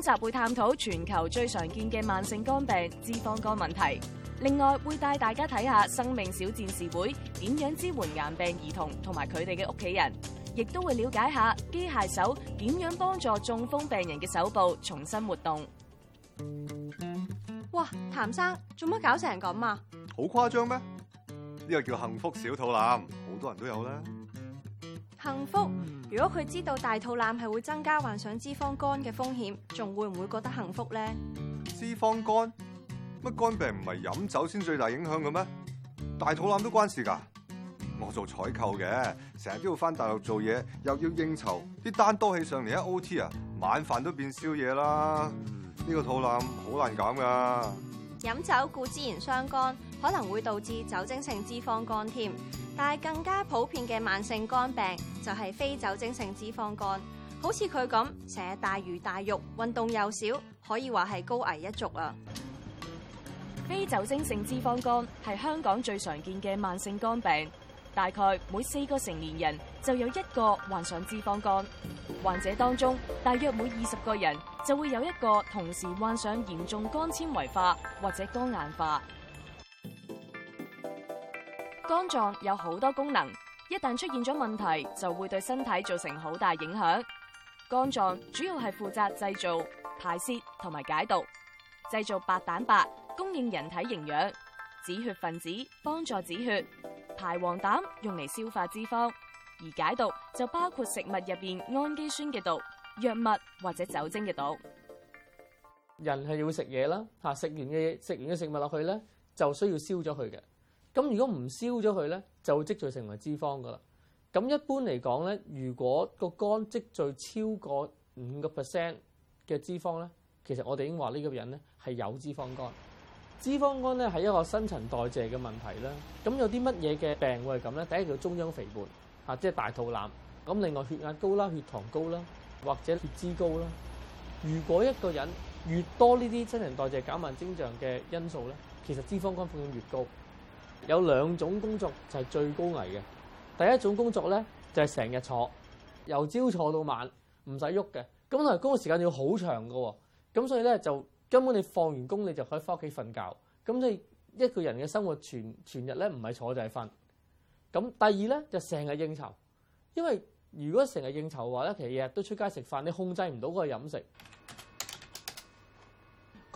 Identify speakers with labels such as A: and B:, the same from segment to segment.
A: 今集會探討全球最常見嘅慢性肝病，脂肪肝問題。另外會帶大家睇下生命小戰士會點樣支援癌病兒童同埋佢哋嘅屋企人，亦都會了解下機械手點樣幫助中風病人嘅手部重新活動。哇，
B: 譚生，做乜搞成咁啊？
C: 好誇張咩？呢個叫幸福小肚腩，好多人都有啦。
B: 幸福？如果佢知道大肚腩係會增加患上脂肪肝嘅風險，仲會唔會覺得幸福咧？脂肪肝？
C: 乜肝病唔係飲酒先最大影響嘅咩？大肚腩都關事噶。我做採購嘅，成日都要返大陸做嘢，又要應酬，啲單多起上嚟，一 O T 啊，晚飯都變宵夜啦。呢個肚腩好難減噶。
B: 飲酒固之然傷肝，可能會導致酒精性脂肪肝添，但係更加普遍嘅慢性肝病就係非酒精性脂肪肝。好似佢咁成日大魚大肉，運動又少，可以話係高危一族啊。非酒精性脂肪肝係香港最常見嘅慢性肝病，
A: 大概每四個成年人就有一個患上脂肪肝。患者當中，大約每二十個人就會有一個同時患上嚴重肝纖維化或者肝硬化。肝臟有好多功能，一旦出現咗問題，就會對身體造成好大影響。肝臟主要係負責製造、排泄同埋解毒。製造白蛋白，供應人體營養；止血分子，幫助止血；排黃膽，用嚟消化脂肪。而解毒就包括食物入邊氨基酸嘅毒、藥物或者酒精嘅毒。
D: 人係要食嘢啦，吓食完嘅嘢食完嘅食物落去咧，就需要燒咗佢嘅。咁如果唔燒咗佢咧，就會積聚成為脂肪噶啦。咁一般嚟講咧，如果個肝積聚超過五個 percent 嘅脂肪咧，其實我哋已經話呢個人咧係有脂肪肝。脂肪肝咧係一個新陳代謝嘅問題啦。咁有啲乜嘢嘅病會係咁咧？第一叫中央肥胖，嚇、啊、即係大肚腩。咁另外血壓高啦、血糖高啦，或者血脂高啦。如果一個人越多呢啲新陳代謝減慢症狀嘅因素咧，其實脂肪肝風險越高。有兩種工作就係最高危嘅。第一種工作咧就係成日坐，由朝坐到晚，唔使喐嘅。咁工作時間要好長嘅喎，咁所以咧就根本你放完工你就可以翻屋企瞓覺。咁所以一個人嘅生活全全日咧唔係坐就係瞓。咁第二咧就成日應酬，因為如果成日應酬嘅話咧，其實日日都出街食飯，你控制唔到嗰個飲食。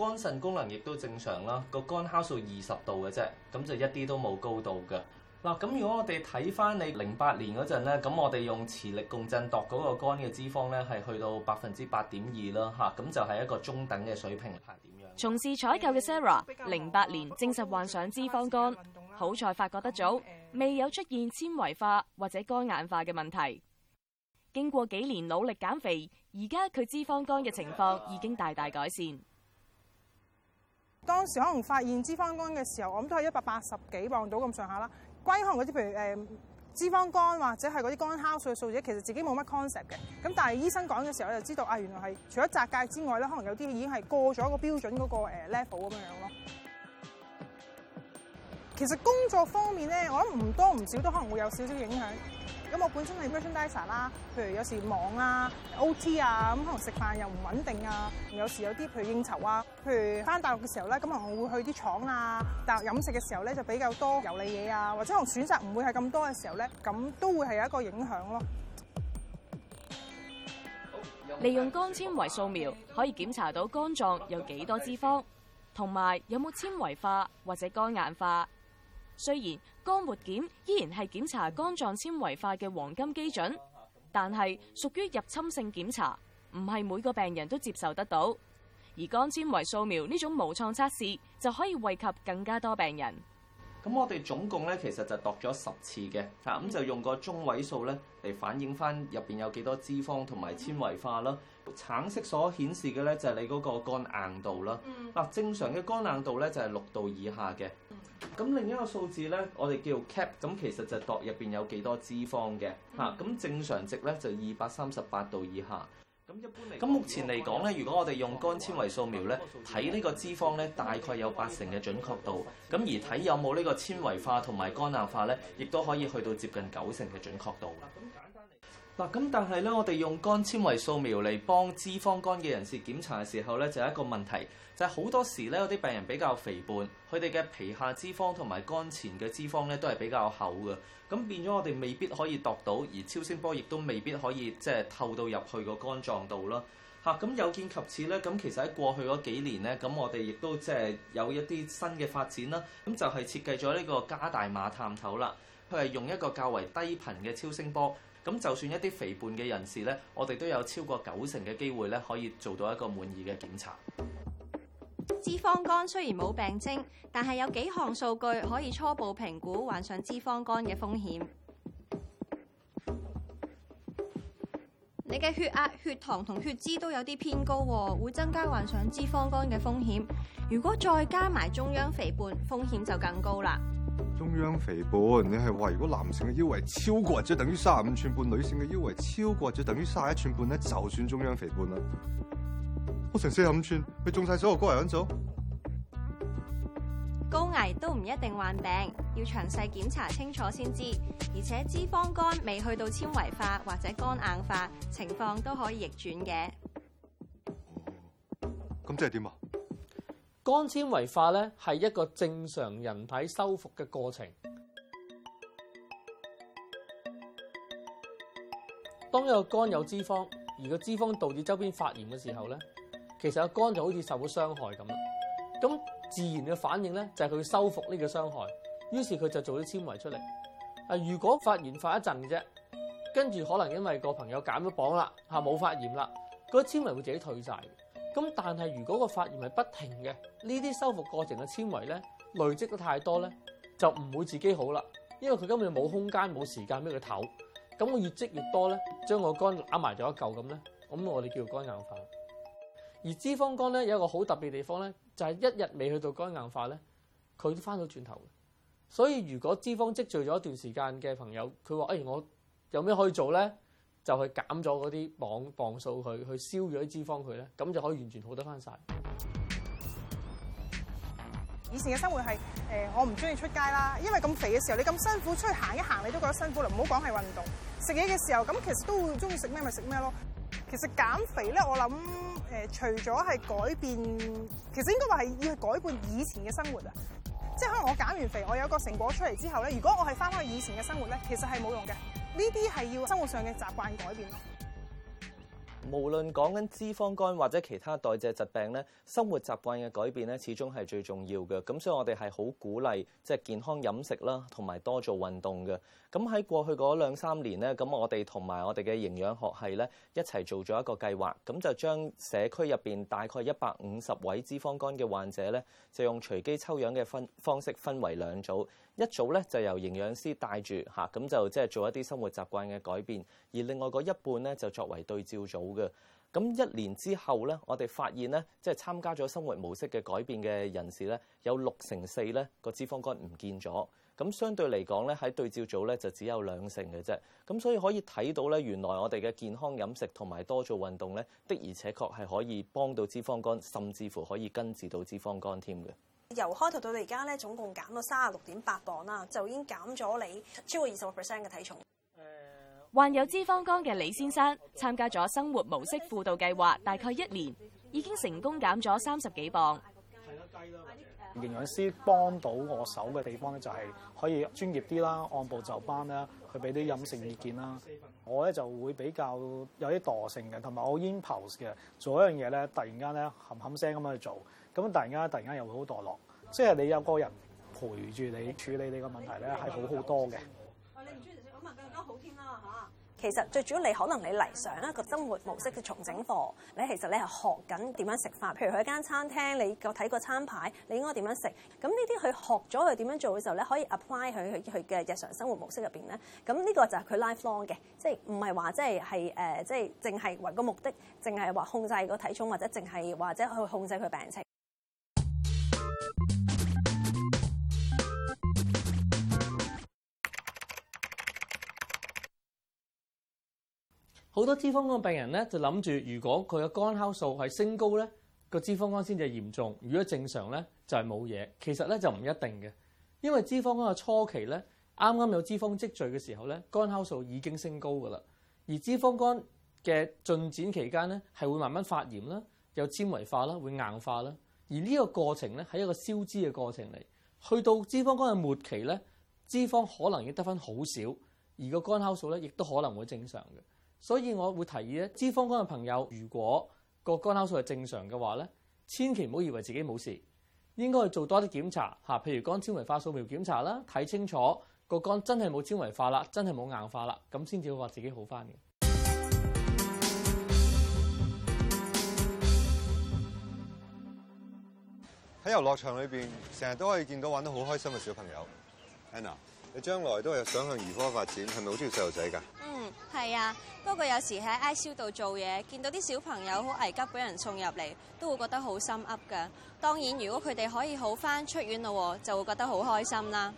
E: 肝腎功能亦都正常啦，個肝酵素二十度嘅啫，咁就一啲都冇高度嘅嗱。咁如果我哋睇翻你零八年嗰陣咧，咁我哋用磁力共振度嗰個肝嘅脂肪咧係去到百分之八點二啦，吓咁就係一個中等嘅水平。
A: 從事採購嘅 Sarah 零八年證實患上脂肪肝，好在發覺得早，未有出現纖維化或者肝硬化嘅問題。經過幾年努力減肥，而家佢脂肪肝嘅情況已經大大改善。
F: 當時可能發現脂肪肝嘅時候，我諗都係一百八十幾磅到咁上下啦。關於可能嗰啲，譬如誒、呃、脂肪肝或者係嗰啲肝酵素嘅數字，其實自己冇乜 concept 嘅。咁但係醫生講嘅時候，我就知道啊，原來係除咗摘界之外咧，可能有啲已經係過咗個標準嗰、嗰個誒 level 咁樣樣咯。呃呃、其實工作方面咧，我諗唔多唔少都可能會有少少影響。咁我本身係 motion designer 啦，譬如有時忙啊、OT 啊，咁可能食飯又唔穩定啊，有時有啲譬如應酬啊，譬如翻大陸嘅時候咧，咁可能會去啲廠啊，但飲食嘅時候咧就比較多油膩嘢啊，或者可能選擇唔會係咁多嘅時候咧，咁都會係有一個影響咯。
A: 利用肝纖維掃描可以檢查到肝臟有幾多脂肪，同埋有冇纖維化或者肝硬化。雖然肝活檢依然係檢查肝臟纖維化嘅黃金基準，但係屬於入侵性檢查，唔係每個病人都接受得到。而肝纖維掃描呢種無創測試就可以惠及更加多病人。
E: 咁我哋總共咧，其實就度咗十次嘅，嚇咁就用個中位數咧嚟反映翻入邊有幾多脂肪同埋纖維化啦。嗯、橙色所顯示嘅咧就係、是、你嗰個肝硬度啦。嗱、嗯，正常嘅肝硬度咧就係六度以下嘅。咁、嗯、另一個數字咧，我哋叫做 cap，咁其實就度入邊有幾多脂肪嘅。嚇、嗯，咁、啊、正常值咧就二百三十八度以下。咁一般嚟，咁目前嚟講咧，如果我哋用肝纖維掃描咧，睇呢個脂肪咧，大概有八成嘅準確度。咁而睇有冇呢個纖維化同埋肝硬化咧，亦都可以去到接近九成嘅準確度。嗱咁，但係咧，我哋用肝纖維掃描嚟幫脂肪肝嘅人士檢查嘅時候咧，就有一個問題，就係好多時咧，有啲病人比較肥胖，佢哋嘅皮下脂肪同埋肝前嘅脂肪咧都係比較厚嘅，咁變咗我哋未必可以度到，而超聲波亦都未必可以即係透到入去個肝臟度啦。吓，咁有見及此咧，咁其實喺過去嗰幾年呢，咁我哋亦都即係有一啲新嘅發展啦，咁就係設計咗呢個加大碼探頭啦，佢係用一個較為低頻嘅超聲波。咁就算一啲肥胖嘅人士咧，我哋都有超過九成嘅機會咧，可以做到一個滿意嘅檢查。
B: 脂肪肝雖然冇病徵，但係有幾項數據可以初步評估患上脂肪肝嘅風險。你嘅血壓、血糖同血脂都有啲偏高喎，會增加患上脂肪肝嘅風險。如果再加埋中央肥胖，風險就更高啦。
C: 中央肥胖，你係話如果男性嘅腰圍超過或者等於三十五寸半，女性嘅腰圍超過或者等於三十一寸半咧，就算中央肥胖啦。我成四十五寸，咪中晒所有高危因素。
B: 高危都唔一定患病，要詳細檢查清楚先知。而且脂肪肝未去到纖維化或者肝硬化情況，都可以逆轉嘅。
D: 咁、嗯、即係點啊？肝纖維化咧係一個正常人體修復嘅過程。當一個肝有脂肪，而個脂肪導致周邊發炎嘅時候咧，其實個肝就好似受咗傷害咁啦。咁自然嘅反應咧就係佢修復呢個傷害，於是佢就做咗纖維出嚟。啊，如果發炎發一陣啫，跟住可能因為個朋友減咗磅啦，吓冇發炎啦，個纖維會自己退晒。咁但係如果個發炎係不停嘅，呢啲修復過程嘅纖維咧累積得太多咧，就唔會自己好啦，因為佢根本冇空間冇時間俾佢唞。咁我越積越多咧，將個肝攬埋咗一嚿咁咧，咁我哋叫肝硬化。而脂肪肝咧有一個好特別地方咧，就係一日未去到肝硬化咧，佢都翻到轉頭。所以如果脂肪積聚咗一段時間嘅朋友，佢話，誒，我有咩可以做咧？就去減咗嗰啲磅磅數佢，去燒咗啲脂肪佢咧，咁就可以完全好得翻晒。
F: 以前嘅生活係誒、呃，我唔中意出街啦，因為咁肥嘅時候，你咁辛苦出去行一行，你都覺得辛苦啦。唔好講係運動，食嘢嘅時候咁，其實都會中意食咩咪食咩咯。其實減肥咧，我諗誒、呃，除咗係改變，其實應該話係要改變以前嘅生活啊。即係可能我減完肥，我有個成果出嚟之後咧，如果我係翻返去以前嘅生活咧，其實係冇用嘅。呢啲係要
E: 生活上嘅習慣改變咯。無論講緊脂肪肝或者其他代謝疾病咧，生活習慣嘅改變咧，始終係最重要嘅。咁所以我哋係好鼓勵即係健康飲食啦，同埋多做運動嘅。咁喺過去嗰兩三年呢，咁我哋同埋我哋嘅營養學系咧一齊做咗一個計劃，咁就將社區入邊大概一百五十位脂肪肝嘅患者咧，就用隨機抽樣嘅分方式分為兩組。一組咧就由營養師帶住吓，咁就即係做一啲生活習慣嘅改變，而另外嗰一半咧就作為對照組嘅。咁一年之後咧，我哋發現咧，即係參加咗生活模式嘅改變嘅人士咧，有六成四咧個脂肪肝唔見咗。咁相對嚟講咧，喺對照組咧就只有兩成嘅啫。咁所以可以睇到咧，原來我哋嘅健康飲食同埋多做運動咧，的而且確係可以幫到脂肪肝，甚至乎可以根治到脂肪肝添嘅。
B: 由開頭到到而家咧，總共減到三十六點八磅啦，就已經減咗你超過二十五個 percent 嘅體重。誒，
A: 患有脂肪肝嘅李先生參加咗生活模式輔導計劃，大概一年已經成功減咗三十幾磅。
E: 係啦，計啦。營養師幫到我手嘅地方咧，就係可以專業啲啦，按部就班啦，去俾啲飲食意見啦。我咧就會比較有啲惰性嘅，同埋我 impulse 嘅，做一樣嘢咧，突然間咧冚冚聲咁樣去做。咁突然間，突然間又會好墮落，即係你有個人陪住你處理你個問題咧，係好好多嘅。啊！你唔中意食，咁
B: 啊更加好添啦嚇。其實最主要你可能你嚟上一個生活模式嘅重整課，你其實你係學緊點樣食法。譬如去間餐廳，你個睇個餐牌，你應該點樣食。咁呢啲佢學咗佢點樣做嘅時候咧，可以 apply 佢佢佢嘅日常生活模式入邊咧。咁呢個就係佢 life long 嘅，即係唔係話即係係誒，即係淨係為個目的，淨係話控制個體重，或者淨係或者去控制佢病情。
D: 好多脂肪肝病人咧，就諗住如果佢嘅肝酵素係升高咧，個脂肪肝先至嚴重。如果正常咧，就係冇嘢。其實咧就唔一定嘅，因為脂肪肝嘅初期咧，啱啱有脂肪積聚嘅時候咧，肝酵素已經升高㗎啦。而脂肪肝嘅進展期間咧，係會慢慢發炎啦，有纖維化啦，會硬化啦。而呢個過程咧係一個消脂嘅過程嚟。去到脂肪肝嘅末期咧，脂肪可能已經得翻好少，而個肝酵素咧亦都可能會正常嘅。所以，我會提議咧，脂肪肝嘅朋友，如果個肝酵素係正常嘅話咧，千祈唔好以為自己冇事，應該去做多啲檢查吓，譬如肝纖維化掃描檢查啦，睇清楚個肝真係冇纖維化啦，真係冇硬化啦，咁先至會話自己好返嘅。喺遊樂場裏邊，
C: 成日都可以見到玩得好開心嘅小朋友。Anna，你將來都係想向兒科發展，係咪好中意細路仔㗎？
B: 係啊，不過有時喺 ICU 度做嘢，見到啲小朋友好危急，俾人送入嚟，都會覺得好心噏㗎。當然，如果佢哋可以好返出院咯，就會覺得好開心啦。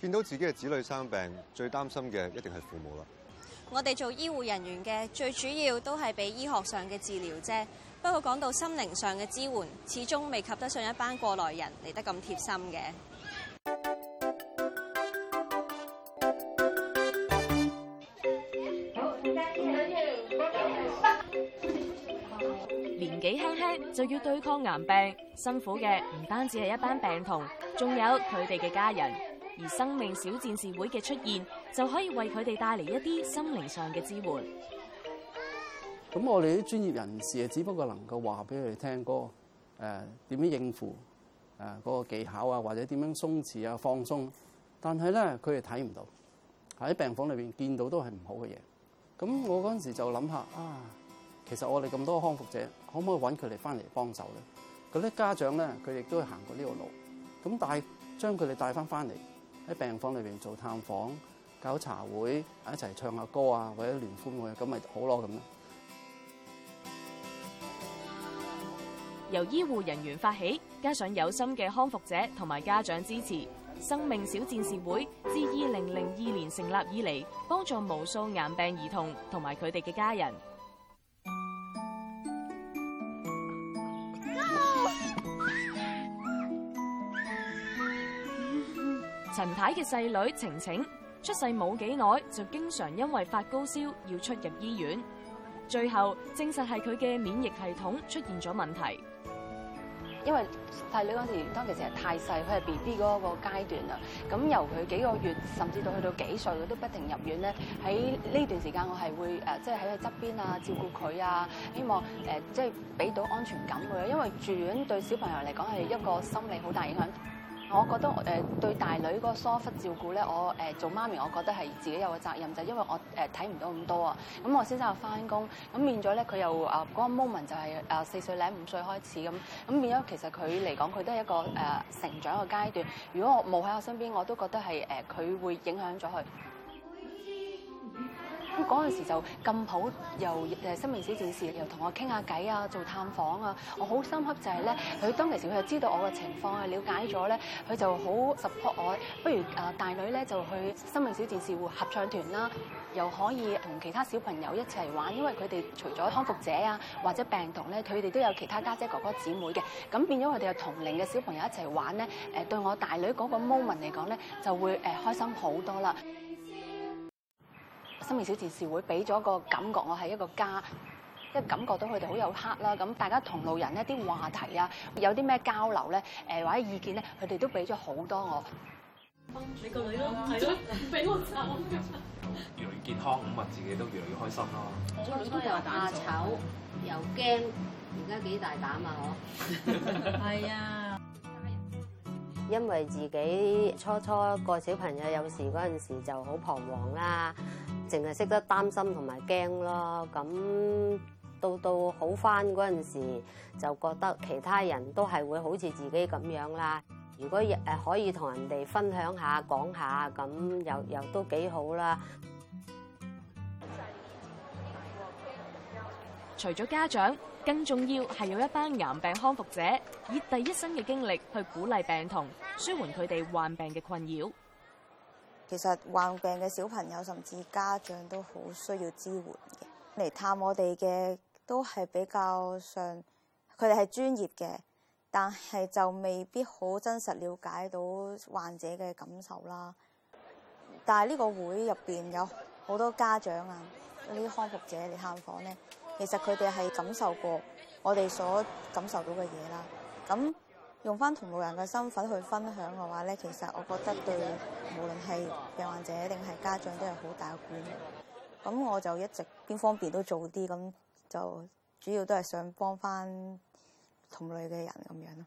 C: 見到自己嘅子女生病，最擔心嘅一定係父母啦。
B: 我哋做醫護人員嘅，最主要都係俾醫學上嘅治療啫。不過講到心靈上嘅支援，始終未及得上一班過來人嚟得咁貼心嘅。
A: 就要對抗癌病，辛苦嘅唔單止係一班病童，仲有佢哋嘅家人。而生命小戰士會嘅出現，就可以為佢哋帶嚟一啲心靈上嘅支援。
G: 咁我哋啲專業人士啊，只不過能夠話俾佢哋聽嗰，誒、呃，點樣應付，誒，嗰個技巧啊，或者點樣鬆弛啊，放鬆。但係咧，佢哋睇唔到，喺病房裏邊見到都係唔好嘅嘢。咁我嗰陣時候就諗下啊。其實我哋咁多康復者，可唔可以揾佢哋翻嚟幫手咧？佢啲家長咧，佢亦都行過呢個路，咁帶將佢哋帶翻翻嚟喺病房裏邊做探訪、搞茶會、一齊唱下歌啊，或者聯歡會，咁咪好咯。咁呢，
A: 由醫護人員發起，加上有心嘅康復者同埋家長支持，生命小戰士會自二零零二年成立以嚟，幫助無數癌病兒童同埋佢哋嘅家人。陳太嘅細女晴晴出世冇幾耐，就經常因為發高燒要出入醫院，最後證實係佢嘅免疫系統出現咗問題。
H: 因為細女嗰時當其時係太細，佢係 BB 嗰個階段啦。咁由佢幾個月，甚至到去到幾歲，佢都不停入院咧。喺呢段時間，我係會誒，即係喺佢側邊啊，照顧佢啊，希望誒，即係俾到安全感佢啦。因為住院對小朋友嚟講係一個心理好大影響。我覺得誒對大女個疏忽照顧咧，我誒做媽咪，我覺得係自己有個責任，就係因為我誒睇唔到咁多啊。咁我先生又返工，咁變咗咧，佢又啊嗰個 moment 就係啊四歲零五歲開始咁，咁變咗其實佢嚟講，佢都係一個誒成長嘅階段。如果我冇喺我身邊，我都覺得係誒佢會影響咗佢。咁嗰時就咁好，由誒生命小戰士又同我傾下偈啊，做探訪啊，我好深刻就係咧，佢當其時佢就知道我嘅情況啊，了解咗咧，佢就好 support 我，不如大女咧就去生命小戰士會合唱團啦，又可以同其他小朋友一齊玩，因為佢哋除咗康復者啊或者病童咧，佢哋都有其他家姐哥哥姊妹嘅，咁變咗佢哋有同齡嘅小朋友一齊玩咧，誒對我大女嗰個 moment 嚟講咧，就會誒開心好多啦。新形小電視會俾咗個感覺，我係一個家，即係感覺到佢哋好有黑啦。咁大家同路人一啲話題啊，有啲咩交流咧，或者意見咧，佢哋都俾咗好多我。住你個女咯，係咯，唔俾
A: 我湊。越嚟
E: 越健康，咁咪自己都越嚟越開心咯。初
H: 初又怕醜，又驚，而家幾大膽啊！我係啊。
B: 因為自己初初個小朋友有事嗰陣時，就好彷徨啦。淨係識得擔心同埋驚咯，咁到到好翻嗰陣時，就覺得其他人都係會好似自己咁樣啦。如果誒可以同人哋分享下、講下，咁又又都幾好啦。除咗家
A: 長，更重要係有一班癌病康復者，以第一身嘅經歷去鼓勵病童，舒緩佢哋患病嘅困擾。
B: 其實患病嘅小朋友，甚至家長都好需要支援嘅。嚟探我哋嘅，都係比較上佢哋係專業嘅，但係就未必好真實了解到患者嘅感受啦。但係呢個會入面有好多家長啊，嗰啲康復者嚟探訪咧，其實佢哋係感受過我哋所感受到嘅嘢啦。咁用返同路人嘅身份去分享嘅話咧，其實我覺得對。無論係病患者定係家長，都有好大嘅觀念。咁我就一直邊方便都做啲咁，就主要都係想幫翻同類嘅人咁樣咯。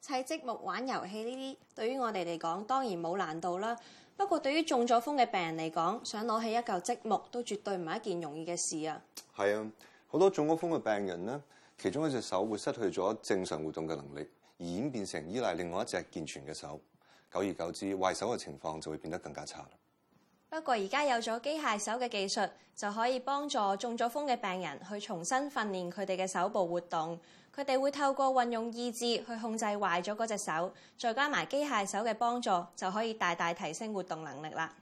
B: 砌積木、玩遊戲呢啲，對於我哋嚟講當然冇難度啦。不過，對於中咗風嘅病人嚟講，想攞起一嚿積木，都絕對唔係一件容易嘅事啊。
C: 係啊，好多中咗風嘅病人咧，其中一隻手會失去咗正常活動嘅能力，而演變成依賴另外一隻健全嘅手。久而久之，壞手嘅情況就會變得更加差啦。
B: 不過而家有咗機械手嘅技術，就可以幫助中咗風嘅病人去重新訓練佢哋嘅手部活動。佢哋會透過運用意志去控制壞咗嗰隻手，再加埋機械手嘅幫助，就可以大大提升活動能力啦。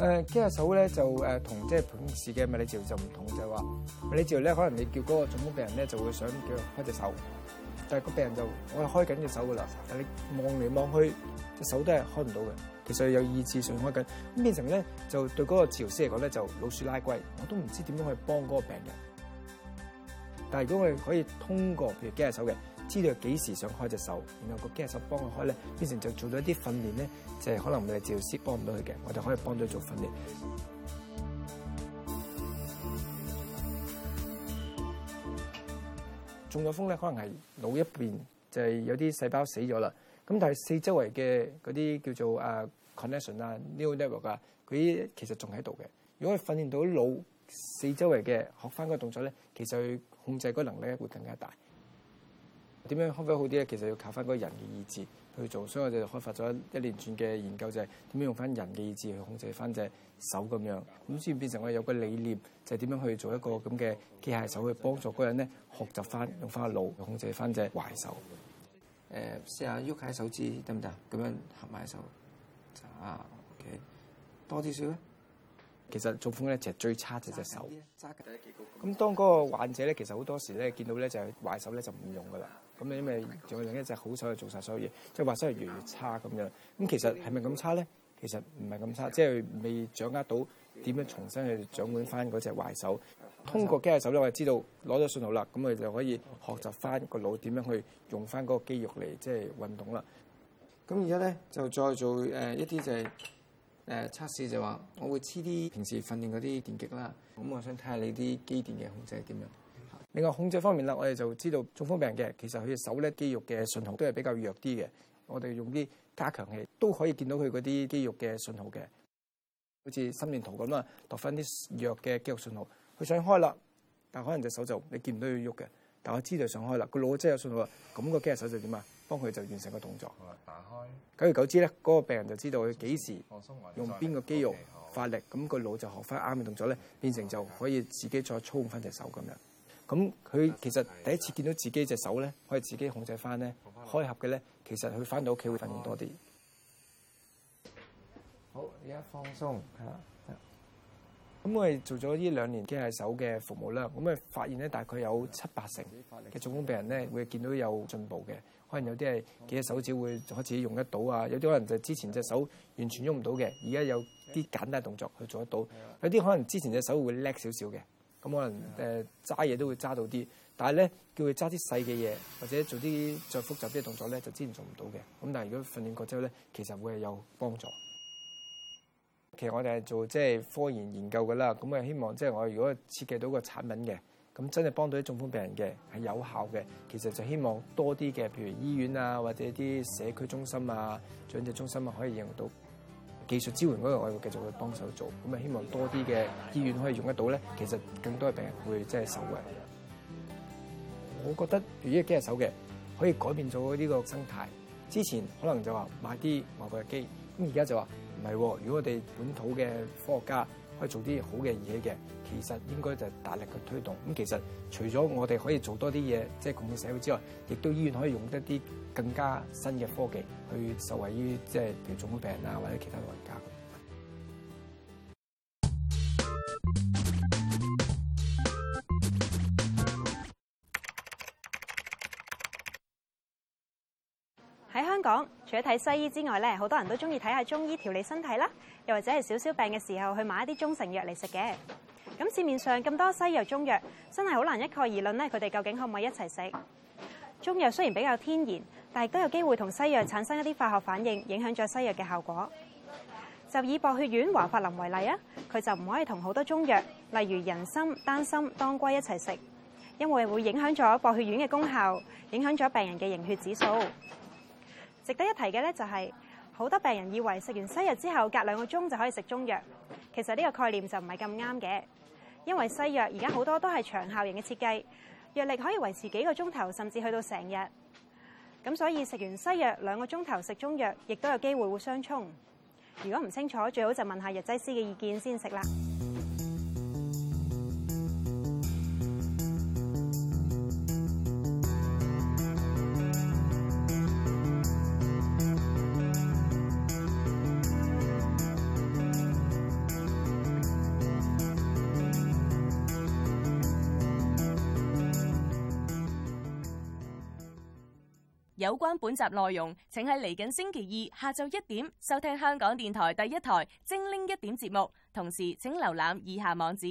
G: 誒、呃、機械手咧就誒同即係平時嘅物理治療就唔同，就係話物理治療咧可能你叫嗰個腫瘤病人咧就會想叫佢開隻手，但係個病人就，我係開緊隻手㗎啦，但係你望嚟望去隻手都係開唔到嘅，其實有意志上面開緊，咁變成咧就對嗰個治療師嚟講咧就老鼠拉龜，我都唔知點樣去幫嗰個病人。但係如果我哋可以通過譬如機械手嘅。知道幾時想開隻手，然後個機械手幫佢開咧，變成就做咗一啲訓練咧，就係、是、可能我哋治療師幫唔到佢嘅，我哋可以幫到做訓練。中咗 風咧，可能係腦一邊就係、是、有啲細胞死咗啦，咁但係四周圍嘅嗰啲叫做啊 connection 啊 neural network 啊，佢啲其實仲喺度嘅。如果佢訓練到腦四周圍嘅，學翻個動作咧，其實佢控制嗰個能力咧會更加大。點樣開發好啲咧？其實要靠翻嗰人嘅意志去做，所以我哋就開發咗一連串嘅研究，就係點樣用翻人嘅意志去控制翻隻手咁樣。咁先變成我有個理念，就係點樣去做一個咁嘅機械手去幫助嗰人咧學習翻用翻腦控制翻隻壞手。誒，試下喐下手指得唔得？咁樣合埋手，啊，OK，多啲少咧？其實中風咧，其實是最差就隻手。咁當嗰個患者咧，其實好多時咧，見到咧就係壞手咧就唔用噶啦。咁因為仲有另一隻好手去做晒所有嘢，即係壞手越嚟越差咁樣。咁其實係咪咁差咧？其實唔係咁差，即係未掌握到點樣重新去掌管翻嗰隻壞手。通過機械手咧，我係知道攞咗信號啦，咁我哋就可以學習翻個腦點樣去用翻嗰個肌肉嚟即係運動啦。咁而家咧就再做誒一啲就係、是。誒、呃、測試就話，我會黐啲平時訓練嗰啲電極啦。咁我想睇下你啲肌電嘅控制係點樣。另外控制方面啦，我哋就知道中風病人嘅，其實佢隻手咧肌肉嘅信號都係比較弱啲嘅。我哋用啲加強器都可以見到佢嗰啲肌肉嘅信號嘅，好似心電圖咁啊，度翻啲弱嘅肌肉信號。佢想開啦，但可能隻手就你見唔到佢喐嘅。但我知道想開啦，個腦真係有信號啊。咁個肌肉手就點啊？幫佢就完成個動作，打開。久而久之咧，嗰、那個病人就知道佢幾時用邊個肌肉發力，咁個、哦、腦就學翻啱嘅動作咧，變成就可以自己再操控翻隻手咁樣。咁佢其實第一次見到自己隻手咧，可以自己控制翻咧開合嘅咧，其實佢翻到屋企會訓練多啲。好，而家放鬆，係啦。咁我哋做咗呢兩年機械手嘅服務啦，咁啊發現咧大概有七八成嘅中風病人咧會見到有進步嘅。可能有啲係幾隻手指會開始用得到啊，有啲可能就之前隻手完全喐唔到嘅，而家有啲簡單的動作去做得到。有啲可能之前隻手會叻少少嘅，咁可能誒揸嘢都會揸到啲。但係咧，叫佢揸啲細嘅嘢，或者做啲再複雜啲嘅動作咧，就之前做唔到嘅。咁但係如果訓練過之後咧，其實會係有幫助。其實我哋係做即係科研研究㗎啦，咁啊希望即係我如果設計到個產品嘅。咁真係幫到啲中風病人嘅係有效嘅，其實就希望多啲嘅，譬如醫院啊或者啲社區中心啊、長者中心啊，可以應用到技術支援嗰樣，我也會繼續去幫手做。咁啊，希望多啲嘅醫院可以用得到咧，其實更多嘅病人會即係受惠。我覺得，如果機械手嘅可以改變咗呢個生態，之前可能就話買啲外國嘅機，咁而家就話唔係喎，如果我哋本土嘅科學家。可以做啲好嘅嘢嘅，其實應該就大力去推動。咁、嗯、其實除咗我哋可以做多啲嘢，即係服務社會之外，亦都醫院可以用得啲更加新嘅科技去受惠於，即係譬如重病病人啊，或者其他老人家。
I: 除咗睇西醫之外咧，好多人都中意睇下中醫調理身體啦，又或者係少少病嘅時候去買一啲中成藥嚟食嘅。咁市面上咁多西藥中藥真係好難一概而論咧，佢哋究竟可唔可以一齊食？中藥雖然比較天然，但係都有機會同西藥產生一啲化學反應，影響咗西藥嘅效果。就以薄血丸、華法林為例啊，佢就唔可以同好多中藥例如人參、丹參、當歸一齊食，因為會影響咗薄血丸嘅功效，影響咗病人嘅凝血指數。值得一提嘅咧、就是，就係好多病人以為食完西藥之後，隔兩個鐘就可以食中藥。其實呢個概念就唔係咁啱嘅，因為西藥而家好多都係長效型嘅設計，藥力可以維持幾個鐘頭，甚至去到成日。咁所以食完西藥兩個鐘頭食中藥，亦都有機會會相沖。如果唔清楚，最好就問下藥劑師嘅意見先食啦。
A: 有關本集內容，請喺嚟緊星期二下午一點收聽香港電台第一台《精靈一點》節目，同時請
H: 瀏覽以下網址。